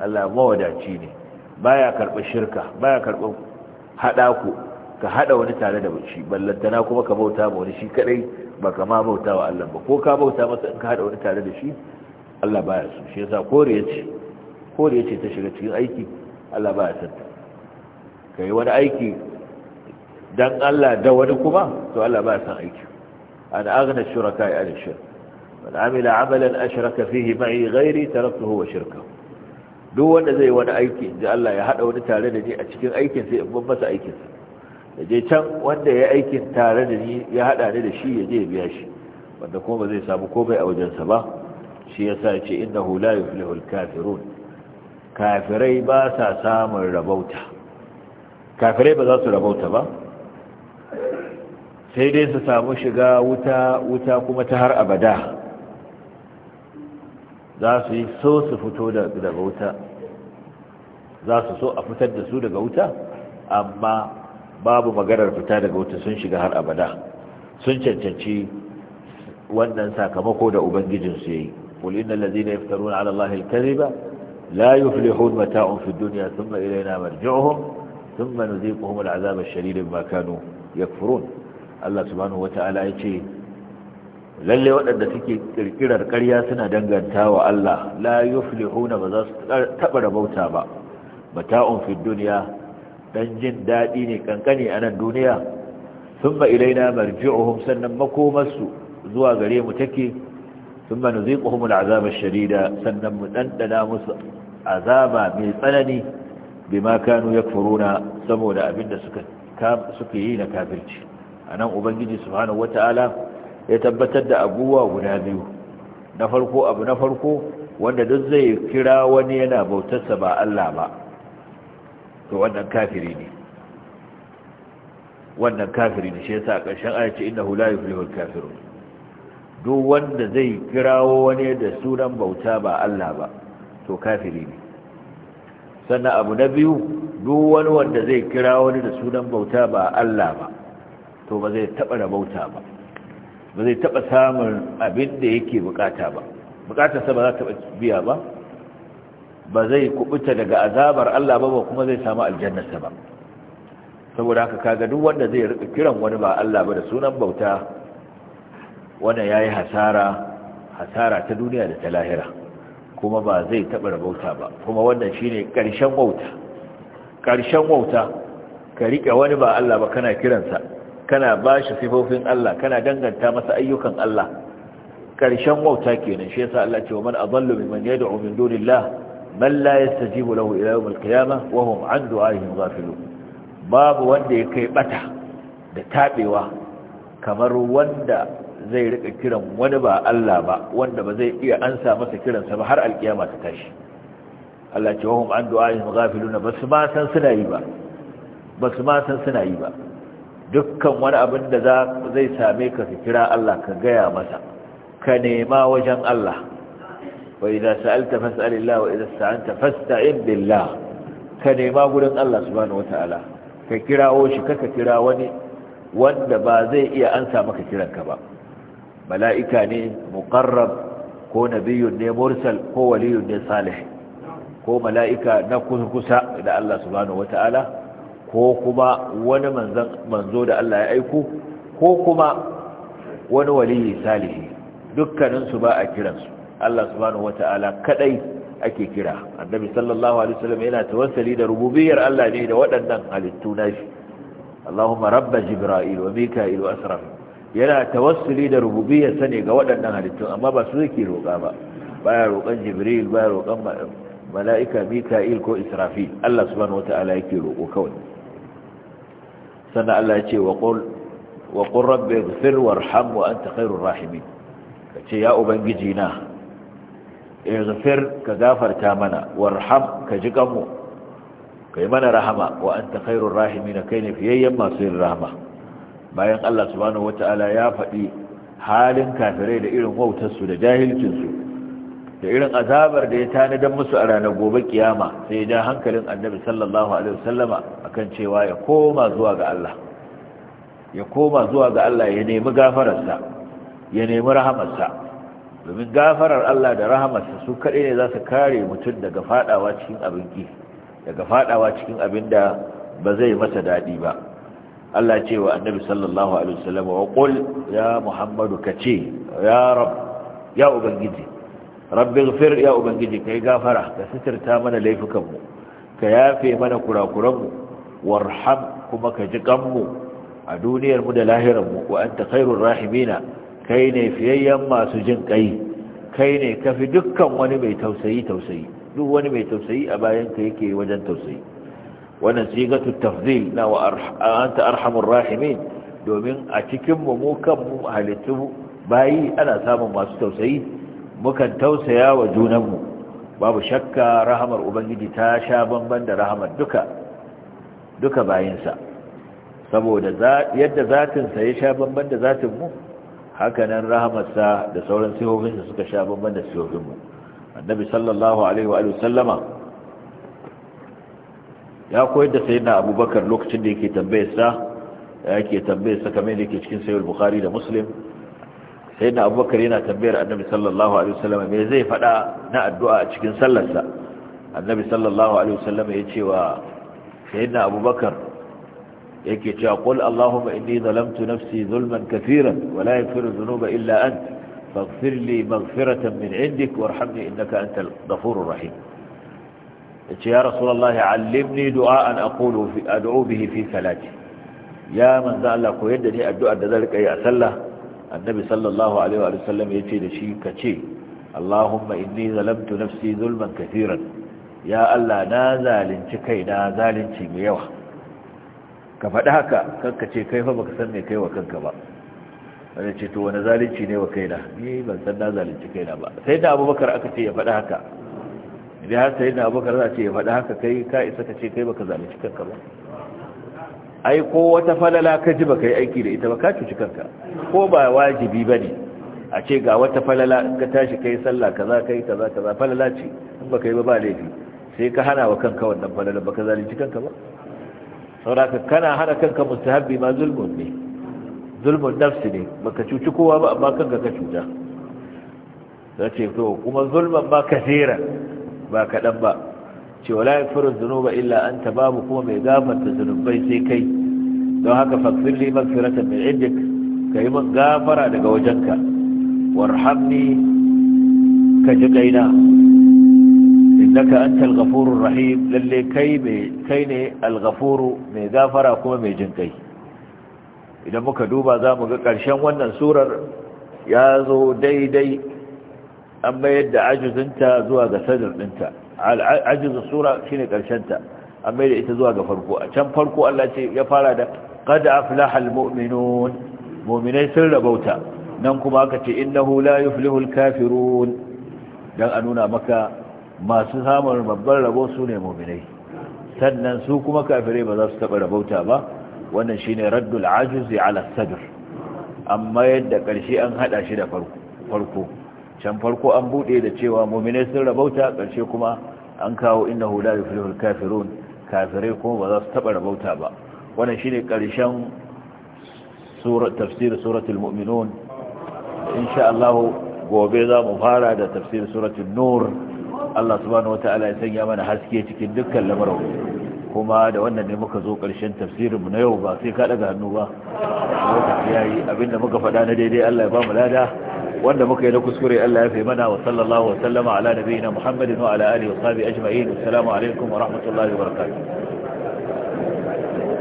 Allah mawadaci ne baya karbar shirka baya karbar hada ku ka hada wani tare da shi ballantana kuma ka bauta ba wani shi kadai ba kama bauta wa Allah ba ko ka bauta masa in ka hada wani tare da shi Allah baya so shi yasa kore yace kore yace ta shiga cikin aiki Allah baya son ta yi wani aiki don Allah da wani kuma to Allah baya son aiki ana aghna shuraka ya alishir man amila amalan ashraka fihi ma'i ta taraktuhu wa shirka. duk wanda zai wani aiki da Allah ya hada wani tare da ni a cikin aikin sai in bar masa aikinsa Yaje je can wanda ya aikin tare da ni ya hada ni da shi ya je ya biya shi wanda kuma ba zai samu komai a wajensa ba shi ya sa ce innahu la yuflihul kafirun kafirai ba sa samun rabauta kafirai ba za su rabauta ba sai dai su samu shiga wuta wuta kuma ta har abada za su yi so su fito daga wuta za su so a fitar da su daga wuta amma babu maganar fita daga wuta sun shiga har abada sun cancanci wannan sakamako da ubangijinsu ya yi قل إن الذين يفترون على الله الكذب لا يفلحون متاع في الدنيا ثم إلينا مرجعهم ثم نذيقهم العذاب الشديد بما كانوا يكفرون الله سبحانه وتعالى يتي lalle waɗanda suke ƙirƙirar ƙarya suna danganta wa Allah la yuflihuna ba za su taɓa rabauta ba mata'un fi duniya dan jin daɗi ne kankani a nan duniya sun ba ilaina marji'uhum sannan makomarsu zuwa gare mu take sun ba nuziƙuhum azabar sharida sannan mu ɗanɗana musu azaba mai tsanani bi ma kanu ya furuna saboda abinda suka yi na kafirci a nan ubangiji subhanahu wata'ala ya tabbatar da abubuwa guda biyu na farko abu na farko wanda duk zai kira wani yana bautarsa ba Allah ba to wannan kafiri ne wannan kafiri ne shi yasa a ƙarshen aya ce innahu la yuflihul kafirun duk wanda zai kirawo wani da sunan bauta ba Allah ba to kafiri ne sannan abu na biyu duk wani wanda zai kira wani da sunan bauta ba Allah ba to ba zai taba da bauta ba ba zai taba samun abin da yake bukata ba bukatarsa ba za ta biya ba ba zai kubuta daga azabar Allah ba ba kuma zai samu aljannarsa ba saboda haka kaga duk wanda zai rika kiran wani ba Allah ba da sunan bauta wanda yayi hasara hasara ta duniya da ta lahira kuma ba zai taba rabauta ba kuma wannan shine karshen wauta karshen wauta ka rike wani ba Allah ba kana kiransa kana bashi sifofin Allah kana danganta masa ayyukan Allah karshen wauta kenan shi yasa Allah ce wa man adallu mimman yad'u min dunillah man la yastajibu lahu ila yawm al-qiyamah wa hum an du'a'ihim babu wanda ya kai bata da tabewa kamar wanda zai rika kiran wani ba Allah ba wanda ba zai iya ansa masa kiransa ba har alkiyama ta tashi Allah ce wa hum an du'a'ihim ghafilun basu ma san suna yi ba basu ma san suna yi ba dukkan wani abin da zai same ka ka kira Allah ka gaya masa ka nema wajen Allah وإذا سألت فاسأل الله وإذا استعنت فاستعن بالله كنما قلن الله سبحانه وتعالى ككرا وشك ككرا وني وان بازي إيا أنسى مك كرا كبا ملائكة ني مقرب كو نبي ني مرسل كو ولي ني صالح كو ملائكة نكو كسا إلى الله سبحانه وتعالى ko kuma wani manzo da Allah ya aiko ko kuma wani waliyi salihi dukkaninsu ba a kiransu Allah subhanahu wata'ala kadai ake kira annabi sallallahu alaihi wasallam yana tawassali da rububiyar Allah ne da waɗannan halittu nashi Allahumma rabba jibril wa mika'il wa asrafil yana tawassuli da rububiyarsa ne ga waɗannan halittu. amma ba su yake roƙa ba baya roƙon jibril baya roƙon mala'ika mika'il ko israfil Allah subhanahu wata'ala yake roƙo kawai sannan Allah ya ce wa qul wa qur rabbi ighfir warham wa anta khairur rahimin kace ya ubangiji na ighfir ka gafarta mana warham ka ji kanmu kai mana rahama wa anta rahimi na kai ne fiyayyen masu yin rahama bayan Allah subhanahu wataala ya faɗi halin kafirai da irin wautarsu da jahilcinsu da irin azabar da ya don musu a ranar gobe kiyama sai ya ja hankalin annabi sallallahu alaihi wasallama akan cewa ya koma zuwa ga Allah ya koma zuwa ga Allah ya nemi gafararsa ya nemi rahamarsa domin gafarar Allah da rahamarsa su kaɗai ne za su kare mutum daga faɗawa cikin abin ki daga faɗawa cikin abin da ba zai masa daɗi ba Allah ce wa annabi sallallahu alaihi wasallam wa qul ya muhammadu kace ya rab ya ubangiji rabbi ighfir ya ubangiji kai gafara ka sitirta mana laifukan mu ka yafe mana kurakuran mu warham kuma ka ji kanmu a duniyar mu da lahirar mu wa anta khairur rahimina kai ne fiyayyen masu jin kai kai ne kafi dukkan wani mai tausayi tausayi duk wani mai tausayi a bayan ka yake wajen tausayi wannan sigatu tafdil na wa anta arhamur rahimin domin a cikin mu mu kanmu halittu bayi ana samun masu tausayi mukan tausaya wa junanmu babu shakka rahamar ubangiji ta sha bamban da rahamar duka duka bayinsa saboda yadda sa ya sha bamban da zatinmu hakanan rahamarsa da sauran sihohinsa suka sha bamban da siyofinmu annabi sallallahu alaihi wa sallama ya koyar da sayyidina abubakar lokacin da yake tambayarsa yake tambayarsa kamar da yake cikin sayyid bukari da muslim sayyidina abubakar yana tambayar annabi sallallahu alaihi wa sallama me zai fada na addu'a a cikin sallarsa annabi sallallahu alaihi wa sallama ya ce wa sayyidina abubakar yake cewa qul allahumma inni zalamtu nafsi zulman katiran wa la yaghfiru dhunuba illa anta faghfir li maghfiratan min 'indik warhamni innaka antal ghafurur rahim yace ya rasulullahi allimni du'aan aqulu fi ad'u bihi fi salati ya manzo Allah ko yadda ne addu'ar da zan yi a sallah annabi sallallahu alaihi wa sallam yace da shi kace allahumma inni zalamtu nafsi zulman katiran ya Allah na zalunci kai na zalunci mai yawa ka faɗi haka kanka ce kai fa baka san me kai wa kanka ba wanda ce to wani zalunci ne wa kaina ni ban san na zalunci kaina ba sai da abubakar aka ce ya faɗi haka idan har sai da abubakar za ce ya faɗi haka kai ka isa ka ce kai baka zalunci kanka ba ai ko wata falala ka ji baka yi aiki da ita ba ka cuci kanka ko ba wajibi ba ne a ce ga wata falala ka tashi kai sallah kaza kai kaza kaza falala ce in baka yi ba ba laifi sai ka hana wa kanka wannan falala baka zalunci kanka ba sauraka kana hana kanka mustahabbi ma zulmun ne zulmun nafsi ne baka cuci kowa ba amma kanka ka cuta za ce to kuma zulmun ba kasira ba kaɗan ba ce wala ya firin zunuba illa an babu kuma mai gafarta zunubai sai kai don haka fakfir li magfirata min indik ka yi gafara daga wajenka warhamni ka ji gaina innaka antal ghafurur rahim lalle kai kai ne al-ghafuru mai gafara kuma mai jin kai idan muka duba zamu ga ƙarshen wannan surar ya zo daidai an mayar da ajizinta zuwa ga sadr dinta ajizin sura shine ƙarshen ta an mayar da ita zuwa ga farko a can farko Allah ce ya fara da qad aflahal mu'minun mu'minai sun rabauta nan kuma aka ce innahu la yuflihul kafirun dan a nuna maka masu samun babban rabo su ne muminai sannan su kuma kafirai ba za su taɓa rabauta ba wannan shi ne raddul ajuzi ala sadr amma yadda ƙarshe an haɗa shi da farko can farko an buɗe da cewa muminai sun rabauta ƙarshe kuma an kawo inna hula da filhul kafirun kafirai kuma ba za su taɓa rabauta ba wannan shi ne ƙarshen tafsirin suratul mu'minun insha Allah gobe za mu fara da tafsirin suratul nur Allah subhanahu wata'ala ya sanya mana haske cikin dukkan lamarin kuma da wannan ne muka zo ƙarshen tafsirin mu na yau ba sai ka daga hannu ba lokaci yayi abinda muka faɗa na daidai Allah ya ba mu lada wanda muka yi na kuskure Allah ya fi mana wa sallallahu wa sallama ala nabiyina Muhammadin wa ala alihi wa sahbihi ajma'in assalamu alaikum wa rahmatullahi wa barakatuh